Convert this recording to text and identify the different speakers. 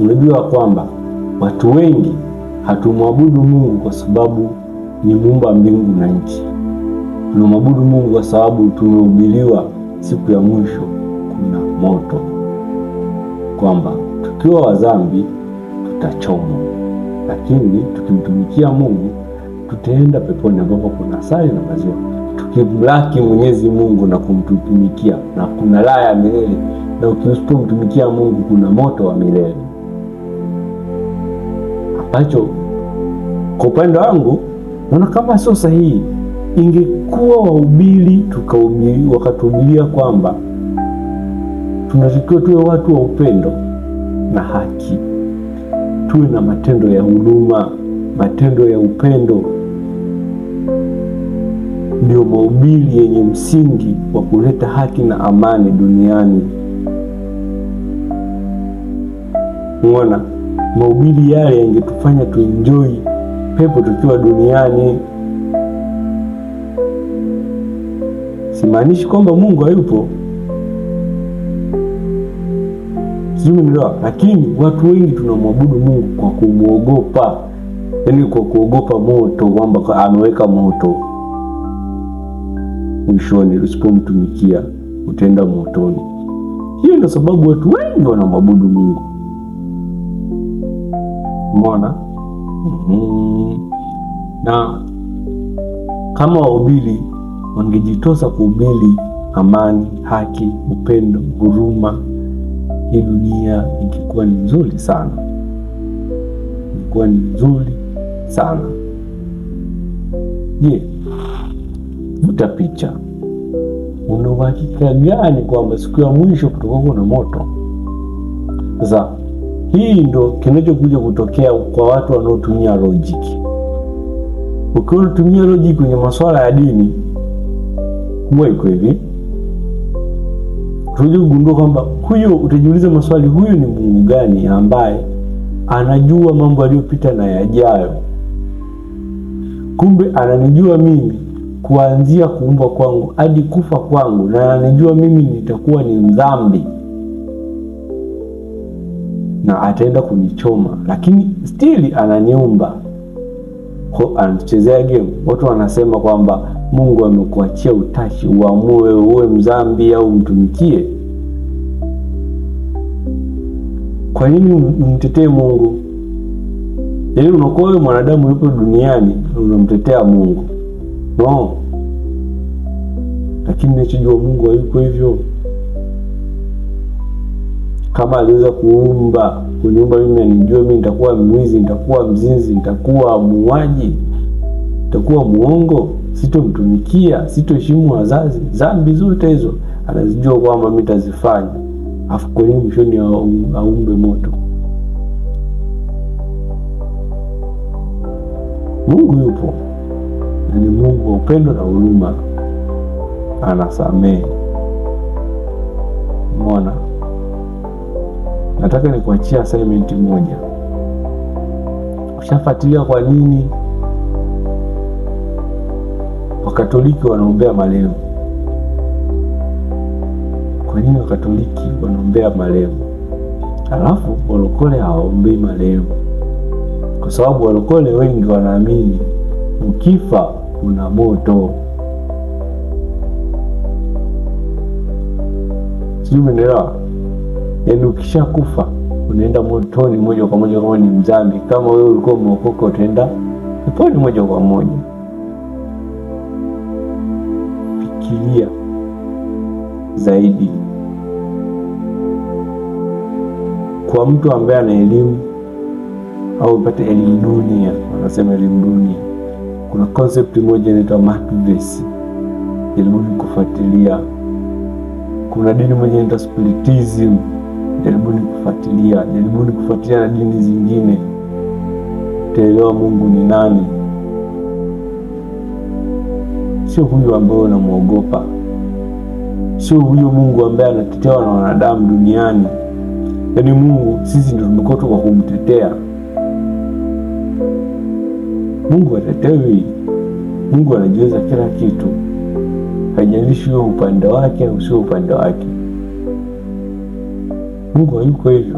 Speaker 1: Unajua kwamba watu wengi hatumwabudu Mungu kwa sababu ni muumba mbingu na nchi. Tunamwabudu Mungu kwa sababu tumehubiriwa siku ya mwisho kuna moto, kwamba tukiwa wazambi tutachomwa, lakini tukimtumikia Mungu tutaenda peponi ambapo kuna asali na maziwa. Tukimlaki Mwenyezi Mungu na kumtumikia, na kuna raha ya milele, na usipomtumikia Mungu kuna moto wa milele ambacho kwa upande wangu naona kama sio sahihi. Ingekuwa wahubiri tukahubiri wakatuhubiria kwamba tunatakiwa tuwe watu wa upendo na haki, tuwe na matendo ya huduma, matendo ya upendo, ndio mahubiri yenye msingi wa kuleta haki na amani duniani. Mwana mahubiri yale yangetufanya tuenjoi pepo tukiwa duniani. Simaanishi kwamba Mungu hayupo, sijui lakini watu wengi tunamwabudu Mungu kwa kumwogopa, yaani kwa kuogopa moto, kwamba ameweka moto mwishoni, usipomtumikia utaenda motoni. Hiyo ndio sababu watu wengi wanamwabudu Mungu mona Mm-hmm. Na kama waubili wangejitosa kuubili amani, haki, upendo, huruma, hii dunia ingekuwa ni nzuri sana, ingekuwa ni nzuri sana. Je, vuta picha, una uhakika gani kwamba siku ya mwisho kutokakuwa na moto? Sasa hii ndo kinachokuja kutokea kwa watu wanaotumia logic. Ukiwa unatumia logic kwenye masuala ya dini, huwa iko hivi, utakuja kugundua kwamba huyo, utajiuliza maswali, huyu ni Mungu gani ambaye anajua mambo yaliyopita na yajayo? Kumbe ananijua mimi kuanzia kuumbwa kwangu hadi kufa kwangu, na ananijua mimi nitakuwa ni mdhambi na ataenda kunichoma, lakini still ananiumba anachezea game. Watu wanasema kwamba Mungu amekuachia utashi uamue uwe mzambi au mtumikie. Kwa nini umtetee Mungu? Yaani unakuwa wewe mwanadamu yupo duniani unamtetea Mungu no. Lakini nachojua Mungu hayuko hivyo kama aliweza kuumba kuniumba mimi anijua mimi nitakuwa mwizi, nitakuwa mzinzi, nitakuwa muaji nitakuwa muongo, sitomtumikia, sitoheshimu wazazi, dhambi zote hizo anazijua kwamba mimi tazifanya, afu kwa nini mwishoni aumbe moto? Mungu yupo na ni Mungu wa upendo na huruma, anasamehe. mona nataka nikuachia assignment moja. Ushafuatilia kwa nini Wakatoliki wanaombea marehemu? Kwa nini Wakatoliki wanaombea marehemu alafu walokole hawaombei marehemu? Kwa sababu walokole wengi wanaamini ukifa una moto. Sijui umeelewa? yaani ukishakufa unaenda motoni moja kwa moja kama ni mzambi. Kama wewe ulikuwa umeokoka utaenda peponi moja kwa moja. Fikiria zaidi. Kwa mtu ambaye ana elimu au upate elimu dunia, wanasema elimu dunia, kuna concept moja inaitwa matvesi, elimu kufuatilia. Kuna dini moja inaitwa spiritism Jaribuni kufuatilia, jaribuni kufuatilia na dini zingine, utaelewa Mungu ni nani, sio huyu ambaye unamwogopa, sio huyu Mungu ambaye anatetewa na wanadamu duniani. Yaani Mungu sisi ndio tumekotwa kwa kumtetea Mungu. Atetewi Mungu, anajiweza kila kitu, haijalishi huyo upande wake au sio upande wake. 如果有规矩。